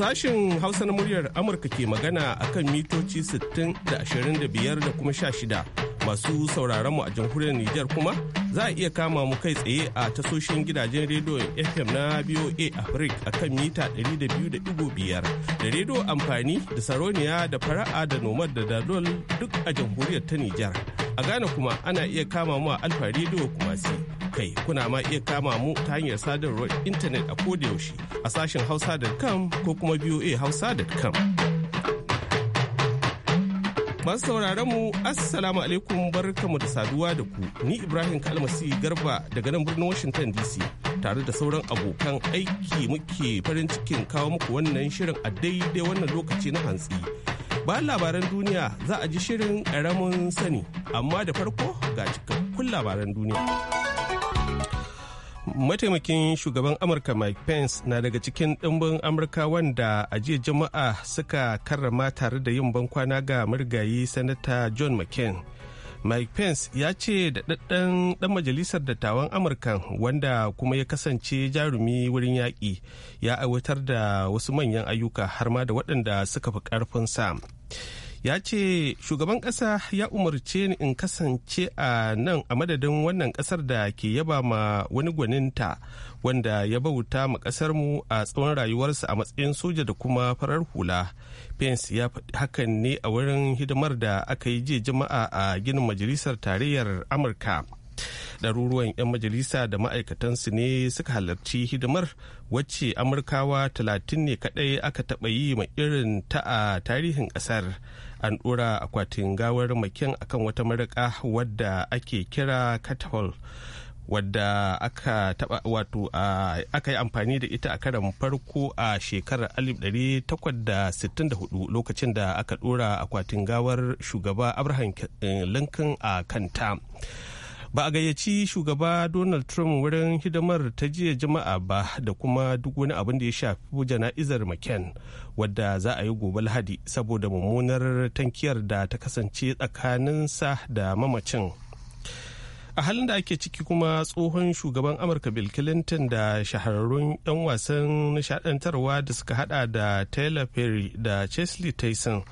Sashen Hausa na muryar Amurka ke magana akan mitoci 60 da 25 da kuma 16 masu sauraron mu a jamhuriyar Nijar kuma za a iya kama mu kai tsaye a tasoshin gidajen rediyon FM na BOA Africa akan mita 200.5 da rediyo amfani da saroniya da fara'a da nomad da dalol duk a jamhuriyar ta Nijar. A Ghana kuma ana iya kama mu a Alfa rediyo kuma Kai kuna ma iya kama mu ta hanyar sadarwar intanet a yaushe a sashen hausa.com ko kuma voa hausa.com. Masu sauraron mu Assalamu alaikum barkamu da saduwa da ku ni Ibrahim Kalmasi Garba daga nan birnin Washington DC tare da sauran abokan aiki muke farin cikin kawo muku wannan shirin a daidai wannan lokaci na hantsi. Bayan labaran duniya za a ji shirin ƙaramin sani amma da farko ga cikakkun labaran duniya. mataimakin shugaban amurka mike pence na daga cikin ɗimbin amurka wanda a jiya jama'a suka karrama tare da yin bankwana ga marigayi sanata john mccain mike pence ya ce da ɗaɗɗan ɗan majalisar dattawan amurka wanda kuma ya kasance jarumi wurin yaƙi ya aiwatar da wasu manyan ayyuka har ma da waɗanda suka fi ƙarfin sa. ya ce shugaban ƙasa ya umarce ni in kasance a nan a madadin wannan ƙasar da ke yaba ma wani gwaninta wanda ya bauta ma ƙasarmu a tsawon rayuwarsa a matsayin soja da kuma farar hula pence ya faɗi hakan ne a wurin hidimar da aka yi jiya jama'a a ginin majalisar tarayyar amurka ɗaruruwan 'yan majalisa da ma'aikatansu ne suka halarci hidimar wacce amurkawa talatin ne kadai aka taba yi ma irin ta a tarihin ƙasar an ɗora akwatin gawar makin akan wata maraƙa wadda ake kira katahol wadda aka taba wato aka yi amfani da ita a karan farko a shekarar 1864 lokacin da aka dora akwatin gawar shugaba abraham lincoln a kanta. ba a gayyaci shugaba donald trump wurin hidimar ta jiya jama'a ba da kuma duk wani abin da ya shafi jana'izar mccain wadda za a yi gobe lahadi saboda mummunar tankiyar da ta kasance tsakaninsa da mamacin a halin da ake ciki kuma tsohon shugaban amurka bill clinton da shahararrun 'yan wasan nishadantarwa da suka hada da taylor perry da chesley tyson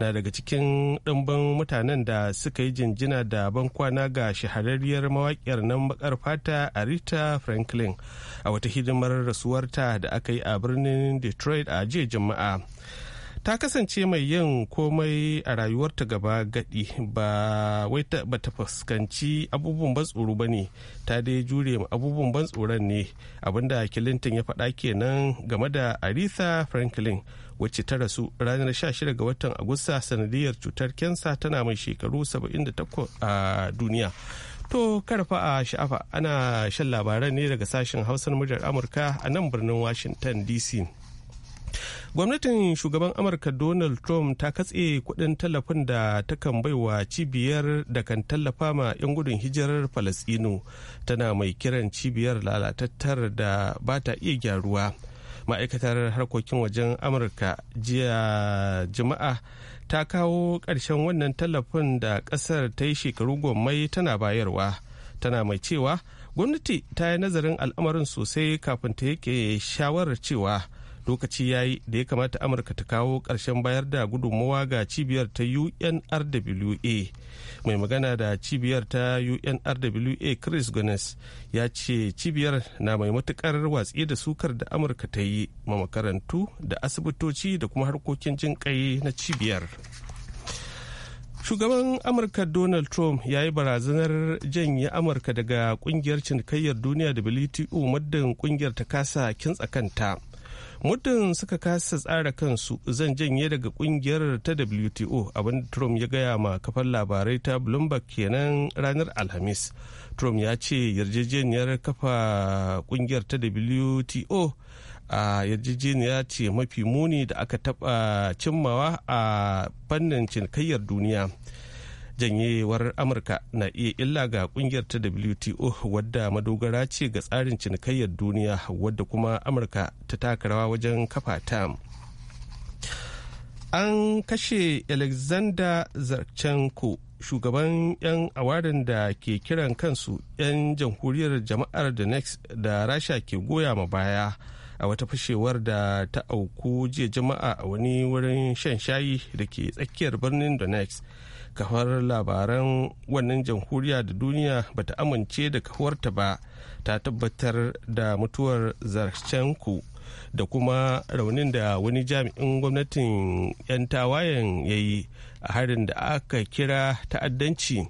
na daga cikin ɗanban mutanen da suka yi jinjina da bankwana ga shahararriyar mawakiyar nan bakar fata rita franklin a wata hidimar rasuwarta da aka yi a birnin detroit a jiya jama'a. ta kasance mai yin komai a rayuwarta gaba gadi ba wai ba ta fuskanci abubuwan ban tsoro ba ne ta dai jure abubuwan ban tsoron ne abinda clinton ya faɗa kenan game da aretha franklin wacce ta rasu ranar 16 ga watan agusta sanadiyar cutar kensa tana mai shekaru 78 a duniya to karfa a sha'afa ana shan labaran ne daga sashen hausar muryar amurka a nan birnin washington dc gwamnatin shugaban amurka donald trump ta katse kudin tallafin da takan baiwa cibiyar da kan tallafa ma 'yan gudun hijirar falasino tana mai kiran cibiyar lalatattar da ba ta iya gyaruwa ma'aikatar harkokin wajen amurka jiya juma'a ta kawo ƙarshen wannan tallafin da ƙasar ta yi shekaru gwammai tana bayarwa tana mai cewa gwamnati ta yi nazarin al'amarin sosai kafin ta yake shawarar cewa lokaci ya yi da ya kamata amurka ta kawo ƙarshen bayar da gudunmawa ga cibiyar ta unrwa mai magana da cibiyar ta unrwa chris gunness ya ce cibiyar na mai matukar watsi da sukar da amurka ta yi ma makarantu da asibitoci da kuma harkokin jin na cibiyar shugaban amurka donald trump ya yi barazanar janye amurka daga kungiyar cinikayyar duniya wto muddin kungiyar ta kasa kintsa kanta muddin suka kasa tsara kansu zan janye daga kungiyar ta wto abinda trump ya gaya ma kafar labarai ta bloomberg kenan ranar alhamis trump ya ce yarjejeniyar kafa kungiyar ta wto a yarjejeniya ce mafi muni da aka taba cimmawa a fannin cinikayyar duniya janyewar amurka na iya illa ga kungiyar ta wto wadda madogara ce ga tsarin cinikayyar duniya wadda kuma amurka ta taka rawa wajen kafa ta an kashe alexander zarchenko shugaban 'yan awarin da ke kiran kansu 'yan jamhuriyar jama'ar da next da rasha ke goya ma baya a wata fashewar da ta auku jiya jama'a a wani wurin shan shayi da ke tsakiyar birnin donetsk kafar labaran wannan jamhuriya da duniya ba ta amince da kafuwarta ba ta tabbatar da mutuwar zarchenko da kuma raunin da wani jami'in gwamnatin 'yan tawayen ya yi a harin da aka kira ta'addanci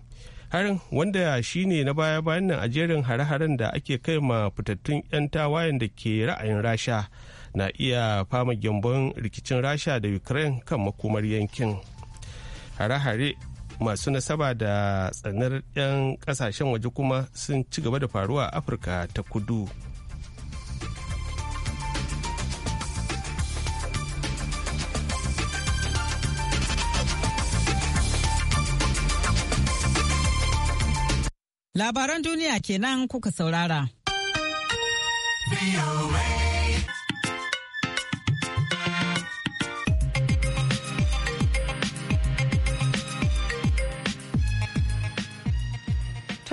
harin wanda shi ne na baya-bayan nan a jerin hare-haren da ake kai ma fitattun 'yan tawayen da ke ra'ayin rasha na iya fama gyambon rikicin rasha da ukraine kan makomar yankin hare-hare masu nasaba da tsanar 'yan kasashen waje kuma sun ci gaba da faruwa a afirka ta kudu labaran duniya kenan kuka saurara.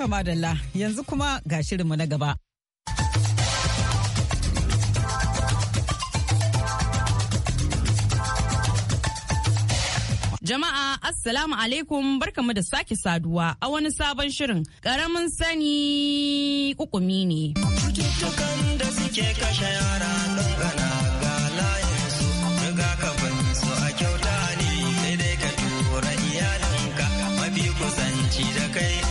Barka yanzu kuma ga shirinmu na gaba. Jama'a Assalamu alaikum barkamu da sake saduwa a wani sabon shirin ƙaramin sani kukumi ne. Cututtukan da suke kashe yara ƙanƙana ga layinsu rigakafin su a kyauta ne sai dai ka tura iyalinka mafi kusanci da kai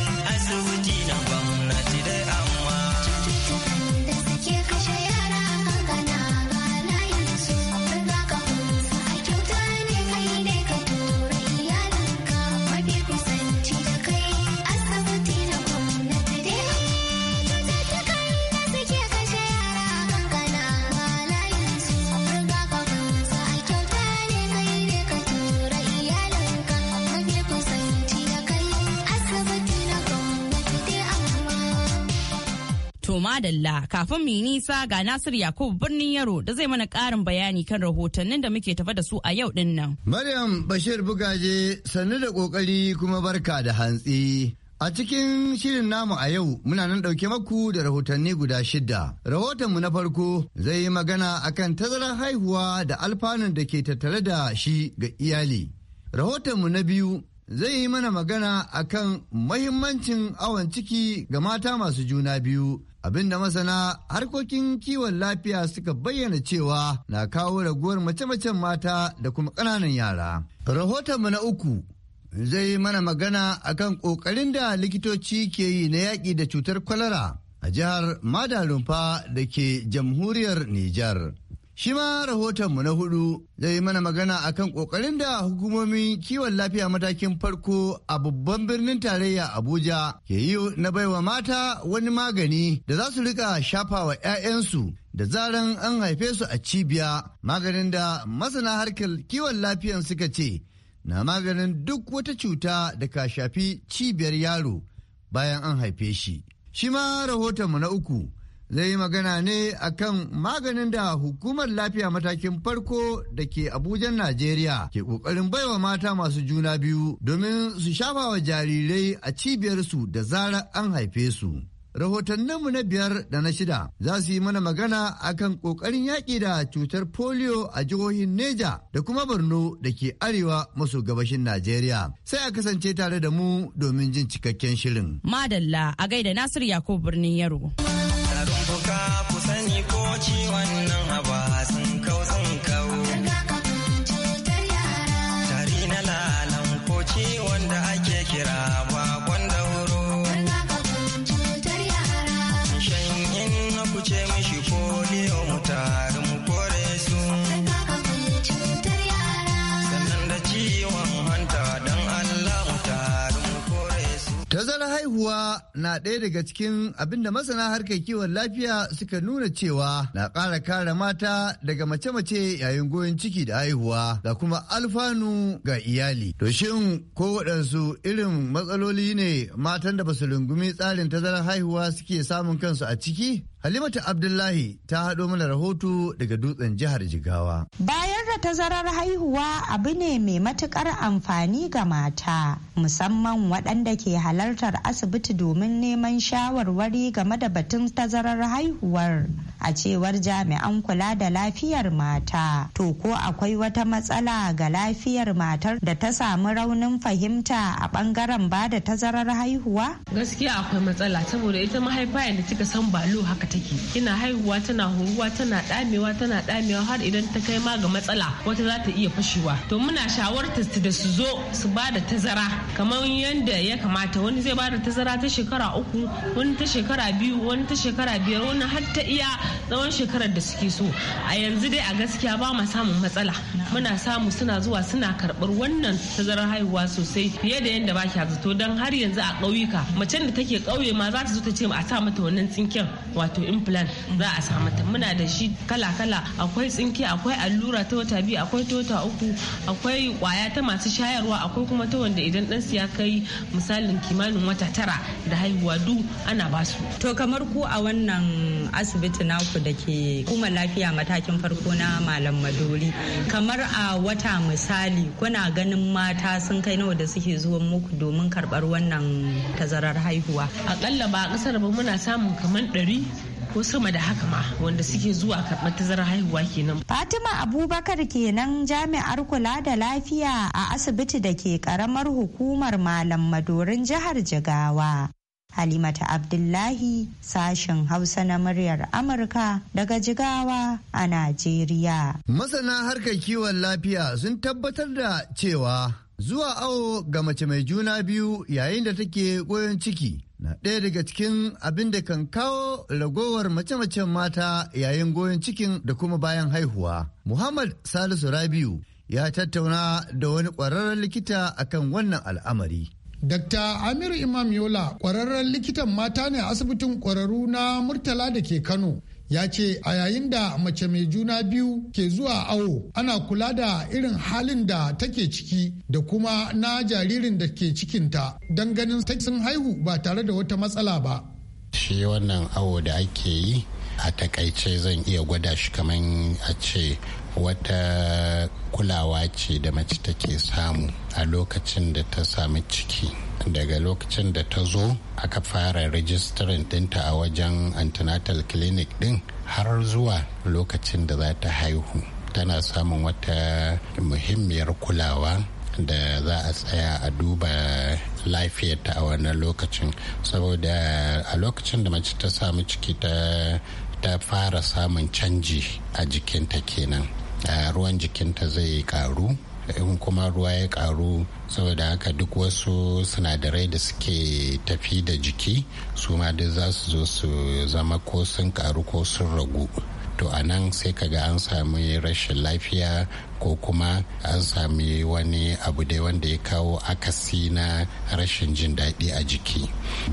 madalla kafin mu yi nisa ga Nasir Yakubu birnin Yaro da zai mana ƙarin bayani kan rahotannin da muke tafa da su a yau din nan. Maryam Bashir Bugaje sannu da kokari kuma barka da hantsi. A cikin shirin namu a yau muna nan ɗauke maku da rahotanni guda shida. Rahotonmu na farko zai yi magana akan tazarar haihuwa da alfanun da ke tattare da shi ga iyali. Rahotonmu na biyu zai yi mana magana akan mahimmancin awon ciki ga mata masu juna biyu. abinda masana harkokin kiwon lafiya suka bayyana cewa na kawo raguwar mace-macen mata da kuma ƙananan yara. Rahotonmu na uku zai yi mana magana akan ƙoƙarin da likitoci ke yi na yaƙi da cutar kwalara a jihar Madalumfa da ke jamhuriyar Nijar. Shi ma rahotonmu na hudu zai yi mana magana akan ƙoƙarin da hukumomin kiwon lafiya matakin farko a babban birnin tarayya Abuja ke yi na baiwa mata wani magani da za su rika shafawa 'ya'yansu da zaran an haife su a cibiya maganin da masana harkar kiwon lafiyan suka ce na maganin duk wata cuta da ka shafi cibiyar yaro bayan an haife shi. Shi ma rahotonmu na uku. zai yi magana ne akan maganin da hukumar lafiya matakin farko da ke abuja najeriya ke kokarin baiwa mata masu juna biyu domin su shafa wa jarirai a cibiyarsu da zarar an haife su rahotanninmu na biyar da na shida za su yi mana magana akan kokarin yaƙi da cutar polio a jihohin neja da kuma borno da ke arewa maso gabashin najeriya sai a kasance tare da mu domin jin cikakken shirin madalla a gaida nasir yakubu birnin yaro kuwa na ɗaya daga cikin abinda masana harkar kiwon lafiya suka nuna cewa na ƙara kare mata daga mace-mace yayin goyon ciki da haihuwa da kuma alfanu ga iyali. To shin ko waɗansu irin matsaloli ne matan da basu rungumi tsarin tazarar haihuwa suke samun kansu a ciki? Halimatu Abdullahi ta haɗo mana rahoto daga dutsen jihar Jigawa. Bayar da tazarar haihuwa abu ne mai matukar amfani ga mata, musamman waɗanda ke halartar asibiti domin neman shawarwari game da batun tazarar haihuwar. A cewar jami'an kula da lafiyar mata, to ko akwai wata matsala ga lafiyar matar da ta samu raunin fahimta a bangaren ba da tazarar haihuwa? Gaskiya akwai matsala saboda ita mahaifa yadda kika san balo haka take ina haihuwa tana horuwa tana damewa tana damewa har idan ta kai ma ga matsala wata za ta iya fashewa to muna shawartar su da su zo su ba da tazara kamar yadda ya kamata wani zai ba da tazara ta shekara uku wani ta shekara biyu wani ta shekara biyar wani har ta iya tsawon shekarar da suke so a yanzu dai a gaskiya ba mu samun matsala muna samu suna zuwa suna karɓar wannan tazarar haihuwa sosai fiye da yadda ba kya zato don har yanzu a ƙauyuka macen da take ƙauye ma za ta zo ta ce a sa mata wannan tsinken wato wato implant za a sa muna da shi kala-kala akwai tsinke akwai allura ta wata biyu akwai ta uku akwai kwaya ta masu shayarwa akwai kuma ta wanda idan dan ya kai misalin kimanin wata tara da haihuwa du ana basu to kamar ku a wannan asibiti naku da ke kuma lafiya matakin farko na malam maduri kamar a wata misali kuna ganin mata sun kai nawa da suke zuwa muku domin karbar wannan tazarar haihuwa akalla ba a ƙasar ba muna samun kamar ɗari ko sama da haka ma wanda suke zuwa karɓar tazarar haihuwa kenan. Fatima Abubakar kenan jami'ar kula da lafiya a asibiti da ke karamar hukumar Malam Madorin jihar Jigawa. Halimata Abdullahi sashen Hausa na muryar Amurka daga Jigawa a Najeriya. Masana harkar kiwon lafiya sun tabbatar da cewa zuwa awo ga mace mai juna biyu yayin da take koyon ciki na ɗaya daga cikin abin da kan kawo ragowar mace-macen mata yayin goyon cikin da kuma bayan haihuwa. Muhammad Salisu Rabiu ya tattauna da wani ƙwararren likita akan wannan al'amari. Dr. Amir Imam Yola ƙwararren likitan mata ne a asibitin ƙwararru na Murtala da ke Kano. ya ce a yayin da mace mai juna biyu ke zuwa awo ana kula da irin halin da take ciki da kuma na jaririn da ke cikinta don ganin sun haihu ba tare da wata matsala ba. Shi wannan awo da ake yi a takaice zan iya gwada shi kamar a ce wata kulawa ce da mace take samu a lokacin da ta sami ciki daga lokacin da ta zo aka fara rijistarin dinta a wajen antenatal clinic din har zuwa lokacin da za ta haihu tana samun wata muhimmiyar kulawa da za a tsaya a duba lafiyarta a wannan lokacin saboda a lokacin da mace ta samu ciki ta fara samun canji a jikinta kenan ruwan jikinta zai karu in kuma ruwa ya karu saboda haka duk wasu sinadarai da suke tafi da jiki su ma duk za su zo su zama ko sun karu ko sun ragu to a nan sai kaga an sami rashin lafiya ko kuma an sami wani abu dai wanda ya kawo akasi na rashin jin daɗi a jiki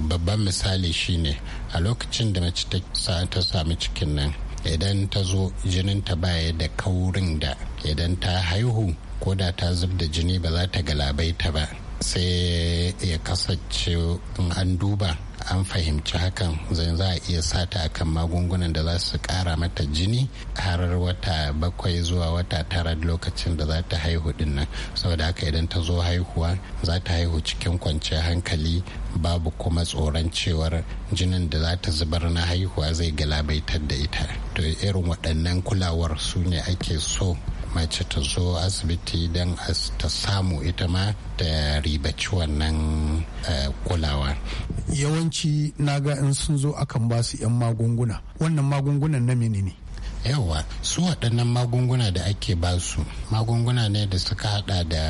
babban misali shine a lokacin da mace ta sami cikin nan idan ta zo jinin ta baya da kaurin da idan ta haihu ko da ta zub da jini ba za ta galabaita ba sai ya kasance in an duba an fahimci hakan zai za a iya sata akan magungunan da za su kara mata jini har wata bakwai zuwa wata tara lokacin da za ta haihu dinnan saboda haka idan ta zo haihuwa za ta haihu cikin kwanciyar hankali babu kuma tsoron cewar jinin da za ta zubar na haihuwa zai galabaitar da ita to irin waɗannan kulawar su ne ake so mace ta zo asibiti don ta samu ita ma ta ribaci wannan eh, kulawa. yawanci naga in sun zo akan ba su 'yan magunguna wannan magungunan na menene yawa su waɗannan magunguna da ake ba su magunguna ne da suka hada da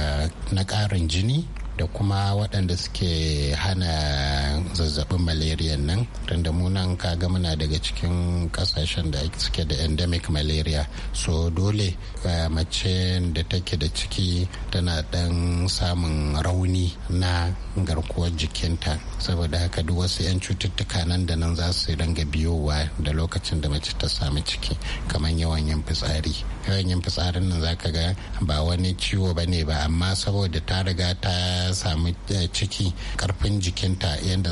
na ƙarin jini da kuma waɗanda suke hana zazzabin malaria nan tunda mu nan kaga muna daga cikin kasashen da suke da endemic malaria so dole eh, mace da take da ciki tana ɗan samun rauni na garkuwar jikinta saboda haka duk wasu 'yan cututtuka nan da nan za su dinga biyowa da lokacin da mace ta samu ciki kamar yawan yin fitsari yawan yin fitsarin nan za ka ga ba wani ciwo ba ne ba amma saboda ta riga ta sami eh, ciki karfin jikinta yadda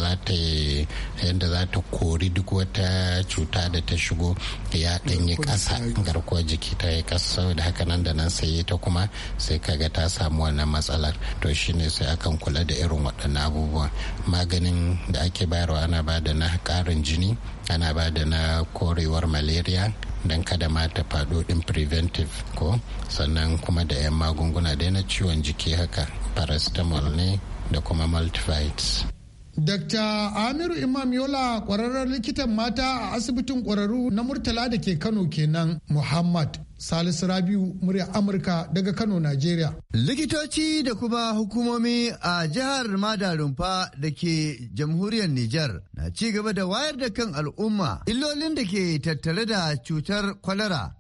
za ta kori duk wata cuta da ta shigo ya ɗanyi ƙasa garkuwar jiki ta yi ƙasa saboda haka nan da nan sai ta kuma sai ka ga ta samu wannan matsalar to shine sai akan kula da irin waɗannan abubuwan maganin da ake bayarwa ana ba da na ƙarin jini ana ba da na korewar malaria don kada ma ta faɗo ɗin preventive ko sannan kuma da 'yan magunguna dai na ciwon jiki haka paracetamol ne da kuma multivites. Dr. Amiru Imam Yola kwararren likitan mata a asibitin kwararru na Murtala da ke Kano kenan Muhammad Salisu Rabiu murya Amurka daga Kano, Najeriya. Likitoci da kuma hukumomi a jihar Madarumfa da ke jamhuriyar Nijar na ci gaba da wayar da kan al'umma illolin da ke tattare da cutar kwalara.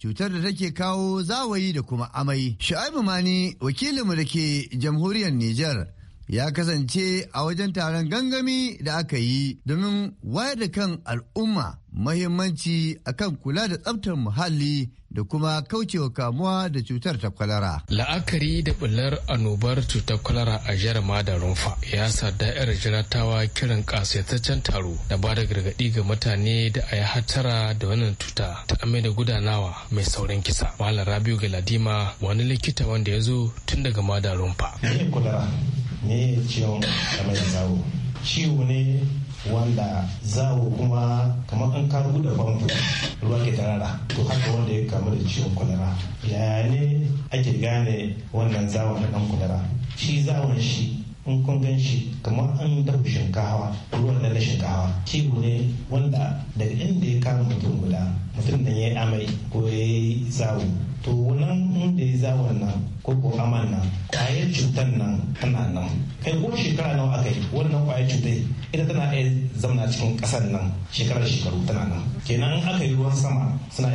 cutar da take kawo zawayi da kuma amai. Shu'aibu Mani wakilinmu da ke jamhuriyar Nijar ya kasance a wajen taron gangami da aka yi domin wayar da kan al'umma mahimmanci akan kula da tsabtar muhalli da kuma kaucewa kamuwa da cutar ta kwalara. La'akari da bullar annobar cutar kwalara a jarama da rumfa ya sa da'ir jiratawa kiran kasaitaccen taro da ba da gargaɗi ga mutane da a yi hatara da wannan cuta ta amai da gudanawa mai saurin kisa. Malam Rabiu Galadima wani likita wanda ya zo tun daga madarumfa. rumfa. ne ciwon kamar zawo ciwo ne wanda zawo kuma kamar an karu da famfo ruwa ke tarara to haka wanda ya kamu da ciwon kwalara ya ne ake gane wannan zawon da dan kwalara shi zawon shi in kun gan shi kamar an dafa shinkawa ruwan da na shinkawa ciwo ne wanda daga inda ya kama mutum guda mutum da ya yi amai ko ya yi zawo to nan inda ya zawar nan ko ko aman nan cutar nan tana nan kai ko shekara nawa aka yi wannan kwaya cutar ita tana iya zamana cikin kasar nan shekarar shekaru tana nan kenan in aka yi ruwan sama suna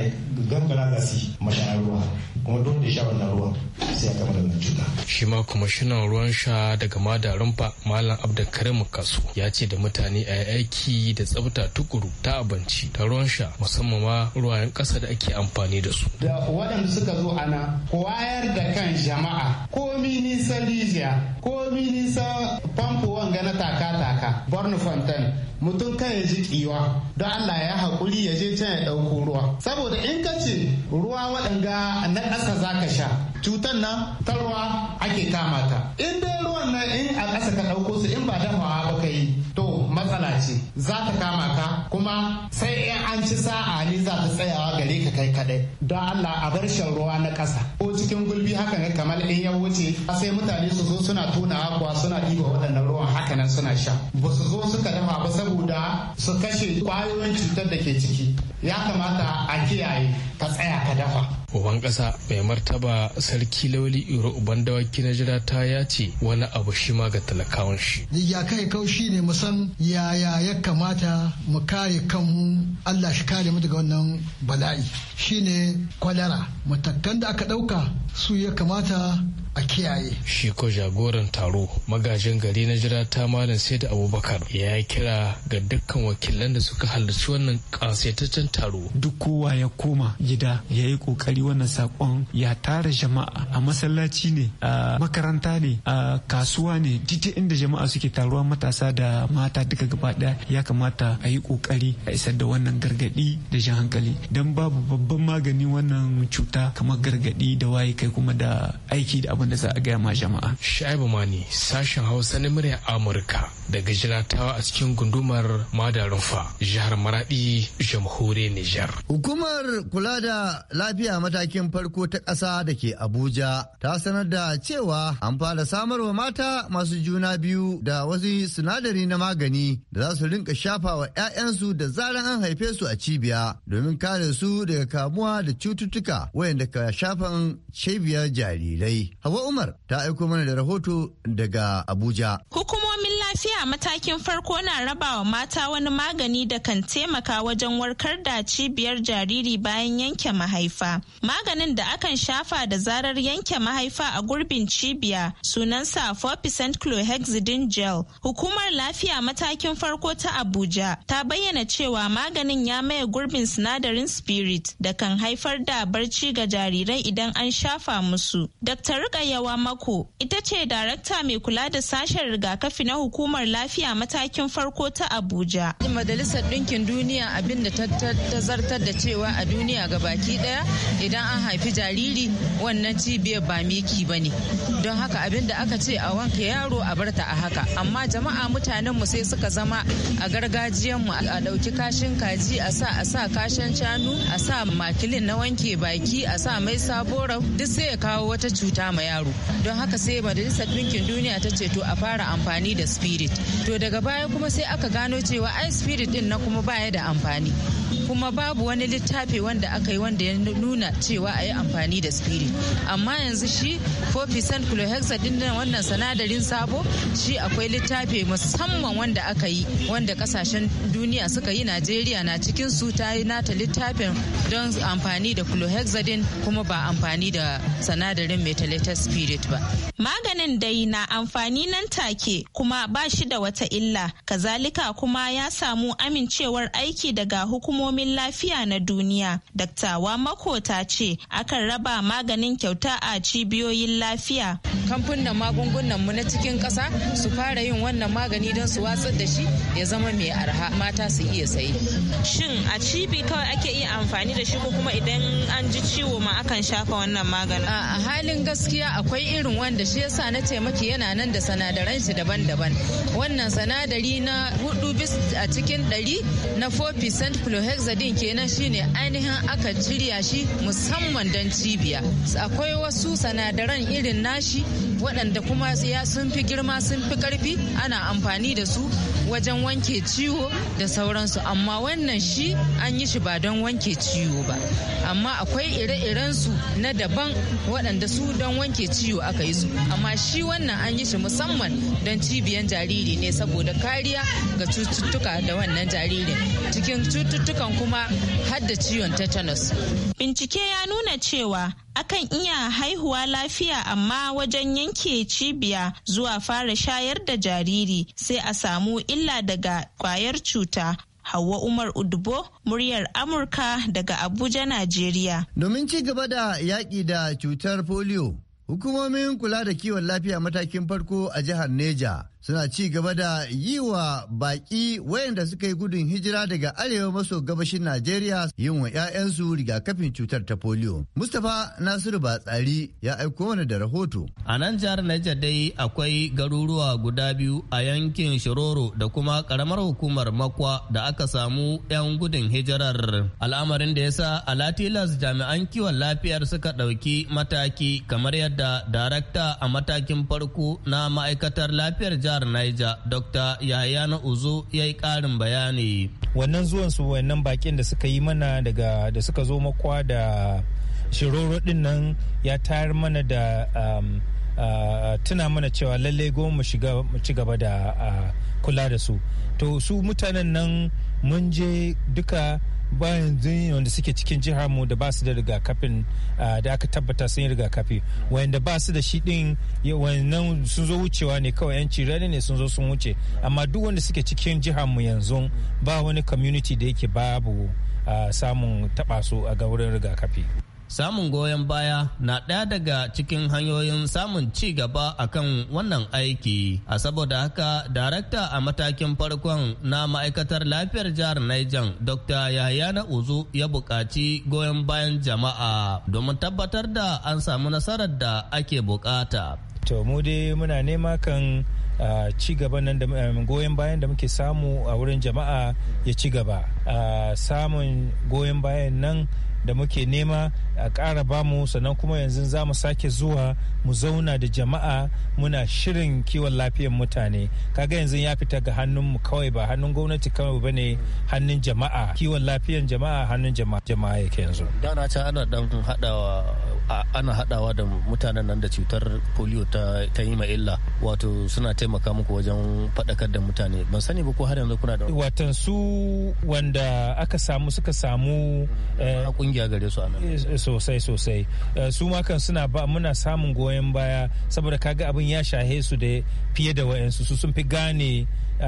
gangara gasi mashayar ruwa kuma dole da sha wannan ruwan sai ya da cuta. shi ma kwamishinan ruwan sha daga madarin rumfa malam abdulkarim kasu ya ce da mutane a aiki da tsafta tukuru ta abinci da ruwan sha musamman ma ruwayen ƙasa da ake amfani da su. da waɗanda suka zo ana wayar da kan jama'a komi nisan rijiya komi nisan famfo wanga na taka-taka borno fontaine. mutum kan ya ji kiwa don Allah ya haƙuri ya je can ya ɗauko ruwa saboda in ka ce ruwa waɗanga na ƙasa za ka sha cutar nan tarwa ake kama ta in dai ruwan na in a ƙasa ka ɗauko su in ba dafawa ba ka yi to matsala ce za ta kama ka kuma sai in an ci sa'a ne za ta tsayawa gare ka kai kaɗai don Allah a bar shan ruwa na ƙasa ko cikin gulbi haka ne kamar in ya wuce sai mutane su zo suna tunawa kuwa suna ɗiba waɗannan ruwan haka nan suna sha ba su zo suka dafa ba saboda su kashe kwayoyin cutar da ke ciki ya kamata a kiyaye ka tsaya ka dafa uban ƙasa mai martaba sarki lauli iro uban dawaki na jira ta ya ce wani abu shi ma ga talakawan shi ya kai shi ne mu yaya ya kamata mu kare kanmu allah shi kare mu daga wannan bala'i shine kwalara matakan da aka ɗauka su ya kamata a kiyaye. Shi ko jagoran taro magajin gari na jira ta malam sai da abubakar ya kira ga dukkan wakilan da suka halarci wannan kasaitaccen taro. Duk kowa ya koma gida ya yi kokari wannan sakon ya tara jama'a a masallaci ne a makaranta ne a kasuwa ne duk inda jama'a suke taruwa matasa da mata duka gaba daya ya kamata a yi kokari a isar da wannan gargadi da jan hankali don babu babban magani wannan cuta kamar gargadi da waye kai kuma da aiki da abin wanda za a gaya ma jama'a. Shaibu Mani sashen Hausa na murya Amurka daga jiratawa a cikin gundumar mada rumfa, jihar Maradi jamhuri Nijar. Hukumar kula da lafiya matakin farko ta ƙasa da ke Abuja ta sanar da cewa an fara samar wa mata masu juna biyu da wasu sinadari na magani da za su rinka shafa wa 'ya'yansu da zaran an haife su a cibiya domin kare su daga kamuwa da cututtuka wayanda ka shafan cibiyar jarirai. Hawa Umar ta aiko mana da rahoto daga Abuja. Hukumomin lafiya matakin farko na rabawa mata wani magani da kan taimaka wajen warkar da cibiyar jariri bayan yanke mahaifa. Maganin da akan shafa da zarar yanke mahaifa a gurbin cibiya sunansa 4% chlorhexidine gel. Hukumar lafiya matakin farko ta Abuja ta bayyana cewa maganin ya maye gurbin sinadarin spirit da kan haifar da barci ga jarirai idan an shafa musu. Dr. Tsayawa Mako ita ce darakta mai kula da sashen rigakafi na hukumar lafiya matakin farko ta Abuja. Majalisar Ɗinkin Duniya abin da ta zartar da cewa a duniya ga baki ɗaya idan an haifi jariri wannan cibiyar ba miki ba ne. Don haka abin da aka ce a wanke yaro a barta a haka. Amma jama'a mutanen mu sai suka zama a gargajiyan a ɗauki kashin kaji a sa a sa kashin shanu a sa makilin na wanke baki a sa mai saborau duk sai ya kawo wata cuta mai yaro don haka sai majalisar ɗinkin duniya ta ce to a fara amfani da spirit to daga baya kuma sai aka gano cewa ai spirit ɗin na kuma baya da amfani kuma babu wani littafi wanda aka yi wanda ya nuna cewa a yi amfani da spirit amma yanzu shi 4% chlorhexidine din wannan sanadarin sabo shi akwai littafi musamman wanda aka yi wanda kasashen duniya suka yi najeriya na cikin su ta yi nata littafin don amfani da chlorhexidine kuma ba amfani da sanadarin methylated spirit ba maganin dai na amfani nan take kuma ba shi da wata illa kazalika kuma ya samu amincewar aiki daga hukumomi hukumomin lafiya na duniya daktawa makota ce akan raba maganin kyauta a cibiyoyin lafiya kamfunan magungunan mu na cikin ƙasa su fara yin wannan magani don su watsar da shi ya zama mai arha mata su iya sayi shin a cibi kawai ake iya amfani da shi ko kuma idan an ji ciwo ma akan shafa wannan maganin a halin gaskiya akwai irin wanda shi yasa na taimaki yana nan da sanadaran shi daban-daban wannan sanadari na hudu bis a cikin ɗari na 4% azadin kenan shine ainihin aka shirya shi musamman don cibiya akwai wasu sanadaran irin nashi waɗanda kuma sun fi girma sun fi ƙarfi ana amfani da su wajen wanke ciwo da sauransu amma wannan shi an yi shi ba don wanke ciwo ba amma akwai ire-irensu na daban waɗanda su don wanke ciwo aka yi su amma shi wannan an yi shi musamman don cibiyan jariri ne saboda kariya ga cututtuka da wannan jaririn cikin cututtukan kuma har ciwon tetanus. Bincike ya nuna cewa akan iya haihuwa lafiya amma wajen yanke cibiya zuwa fara shayar da jariri sai a samu illa daga kwayar cuta Hauwa Umar Udubo, muryar Amurka daga Abuja, Najeriya. Domin ci gaba da yaƙi da cutar folio hukumomin kula da kiwon lafiya matakin farko a jihar Neja suna ci gaba da yi wa baƙi wayanda suka yi gudun hijira daga arewa maso gabashin Najeriya yin wa 'ya'yansu rigakafin cutar ta polio. Mustapha Nasiru Batsari ya aiko mana da rahoto. A nan jihar Niger dai akwai garuruwa guda biyu a yankin Shiroro da kuma karamar hukumar Makwa da aka samu 'yan gudun hijirar. Al'amarin da ya sa Alatilas jami'an kiwon lafiyar suka ɗauki mataki kamar yadda darakta a matakin farko na ma'aikatar lafiyar jihar Niger Dr. Yahaya na Uzo ya yi ƙarin bayani. Wannan zuwan su wannan bakin da suka yi mana daga da suka zo makwa da shiroro din nan ya tayar mana da um, uh, tuna mana cewa lalle goma mu ci gaba da uh, kula da su. To su mutanen nan mun je duka bayan duniya wanda suke cikin jihar mu da ba su da rigakafin ah, da aka tabbata sun yi rigakafi wanda ba su da shi din wannan sun zo wucewa ne kawai yanci rani ne sun zo sun wuce amma duk wanda suke cikin jihar mu yanzu ba wani community da yake babu ah, samun taba su a ga wurin rigakafi samun goyon baya na ɗaya daga cikin hanyoyin samun ci gaba kan wannan aiki a saboda haka darakta a matakin farkon na ma'aikatar lafiyar jihar Niger dr yahaya na uzu ya buƙaci goyon bayan jama'a domin tabbatar da an samu nasarar da ake bukata to mu dai muna nema kan ci gaba nan da goyon bayan da muke samu a wurin jama'a ya ci gaba samun goyon bayan nan da muke nema a ƙara bamu sannan kuma yanzu za mu sake zuwa mu zauna da jama'a muna shirin kiwon lafiyan mutane kaga yanzu ya fita ga hannunmu kawai ba hannun gwamnati kawai ba ne hannun jama'a kiwon lafiyan jama'a hannun jama'a jama'a yake yanzu dana ta ana dan hadawa ana hadawa da mutanen nan da cutar polio ta ta yi illa wato suna taimaka muku wajen faɗakar da mutane ban sani ba ko har yanzu kuna da watan su wanda aka samu suka samu eh, a a gare su nan. Eh, eh, sosai sosai eh, su ma kan suna ba muna samun goyon baya saboda kaga abin ya shahe su da fiye da wayansu su sun fi gane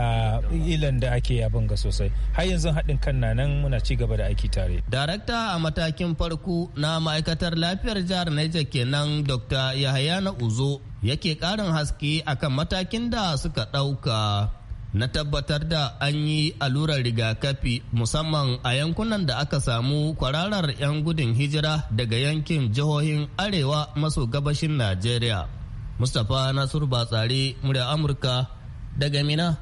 ah, ilan da ake abin ga sosai har yanzu haɗin kan na nan muna ci gaba da aiki tare darakta a matakin farko na ma'aikatar lafiyar jihar niger kenan dr yahaya na uzo yake ƙarin haske akan matakin da suka ɗauka na tabbatar da an yi allurar rigakafi musamman a yankunan da aka samu kwararar 'yan gudun hijira daga yankin jihohin arewa maso gabashin najeriya mustapha nasiru batsari murya amurka daga mina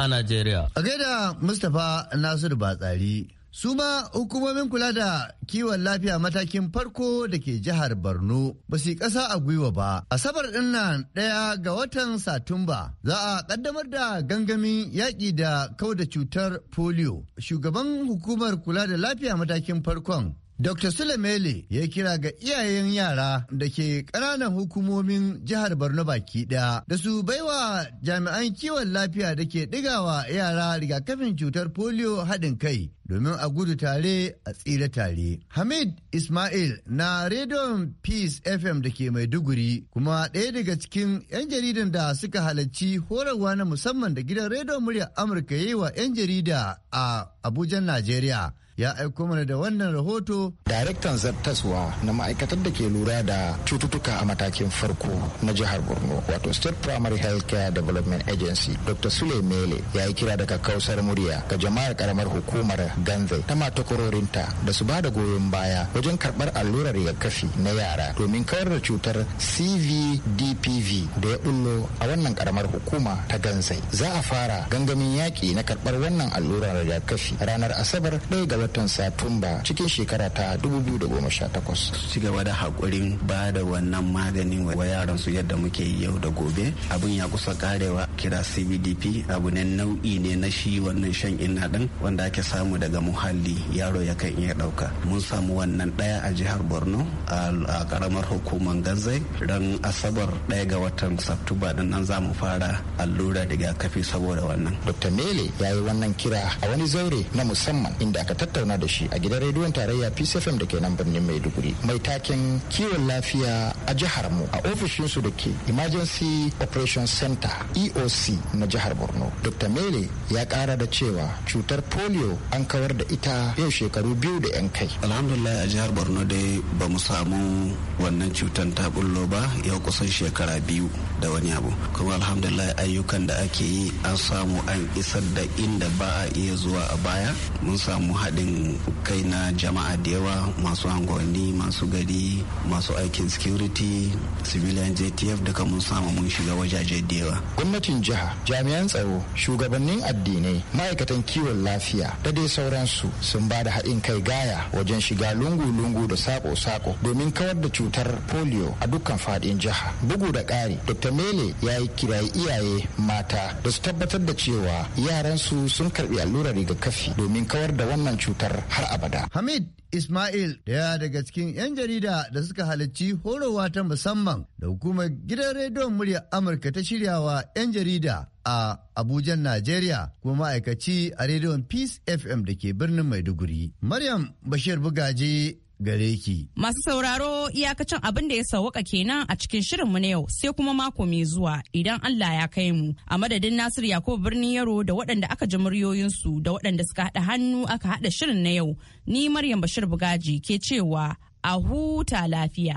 a najeriya a gaida mustapha nasiru batsari Su ma hukumomin kula da kiwon lafiya matakin farko da ke jihar Borno ba su ƙasa a gwiwa ba. Asabar ɗin nan ɗaya ga watan Satumba za a ƙaddamar da gangamin yaƙi da kau da cutar polio. Shugaban hukumar kula da lafiya matakin farkon Dr. Sulemele ya kira ga iyayen yara da ke ƙananan hukumomin jihar Borno baki ɗaya da su baiwa jami'an kiwon lafiya da ke ɗigawa yara rigakafin cutar polio haɗin kai domin a gudu tare a tsira tare. Hamid Ismail na Rediyon Peace FM da ke Maiduguri kuma ɗaya daga cikin 'yan jaridan da suka halarci horarwa na musamman da gidan Rediyon muryar Amurka yi wa 'yan jarida a Abuja, Najeriya. ya aiko mana da wannan rahoto. Daraktan zartaswa na ma'aikatar da ke lura da cututtuka a matakin farko na jihar Borno wato State Primary Health Care Development Agency Dr. Sule Mele ya yi kira daga kausar murya ga jama'ar karamar hukumar Ganze ta matakwarorinta da su ba da goyon baya wajen karɓar allurar rigakafi na yara domin kawar da cutar CVDPV da ya bullo a wannan karamar hukuma ta Ganze. Za a fara gangamin yaƙi na karɓar wannan allurar rigakafi ranar Asabar ɗaya ga watan satumba cikin shekara ta 2018 cigaba gaba da haƙurin ba da wannan maganin wa yaran su yadda muke yau da gobe abin ya kusa karewa kira cbdp abu ne nau'i ne na shi wannan shan inna din wanda ake samu daga muhalli yaro ya kan iya ɗauka mun samu wannan ɗaya a jihar borno a karamar hukumar gazai ran asabar ɗaya ga watan satumba din nan za mu fara allura rigakafi saboda wannan dr mele ya yi wannan kira a wani zaure na musamman inda aka tattara. tattauna da shi a gidan rediyon tarayya PCFM da ke nan birnin Maiduguri mai taken kiwon lafiya a jihar mu a ofishinsu da ke Emergency Operation Center EOC na jihar Borno. Dr. Mele ya kara da cewa cutar polio an kawar da ita yau shekaru biyu da 'yan kai. Alhamdulillah a jihar Borno dai ba mu samu wannan cutar ta bullo ba yau kusan shekara biyu. da wani abu kuma alhamdulillah ayyukan da ake yi an samu an isar da inda ba a iya zuwa a baya mun samu haɗin kai na jama'a da yawa masu angonni masu gari masu aikin security civilian jtf duka mun samu mun shiga wajaje da yawa gwamnatin jiha jami'an tsaro shugabannin addinai ma'aikatan kiwon lafiya da dai sauransu sun ba da haɗin kai gaya wajen shiga lungu-lungu da sako-sako domin kawar da cutar polio a dukkan faɗin jiha bugu da ƙari dr ne ya yi kirayi iyaye mata da su tabbatar da cewa yaransu sun karbi allurar rigakafi domin kawar da wannan cutar har abada. Hamid Ismail daya daga cikin 'yan jarida da suka halarci horowa ta musamman da hukumar gidan rediyon murya Amurka ta shiryawa 'yan jarida a Abuja, Najeriya kuma ma'aikaci a rediyon Peace FM da ke birnin Maiduguri. Maryam Bashir Bugaji gare ki. Masu sauraro iyakacin abin da ya sauwaka kenan a cikin shirin mu na yau sai kuma mako mai zuwa idan Allah ya kai mu. A madadin Nasir Yakubu birnin Yaro da waɗanda aka ji muryoyinsu da waɗanda suka haɗa hannu aka haɗa shirin na yau. Ni Maryam Bashir Bugaji ke cewa a huta lafiya.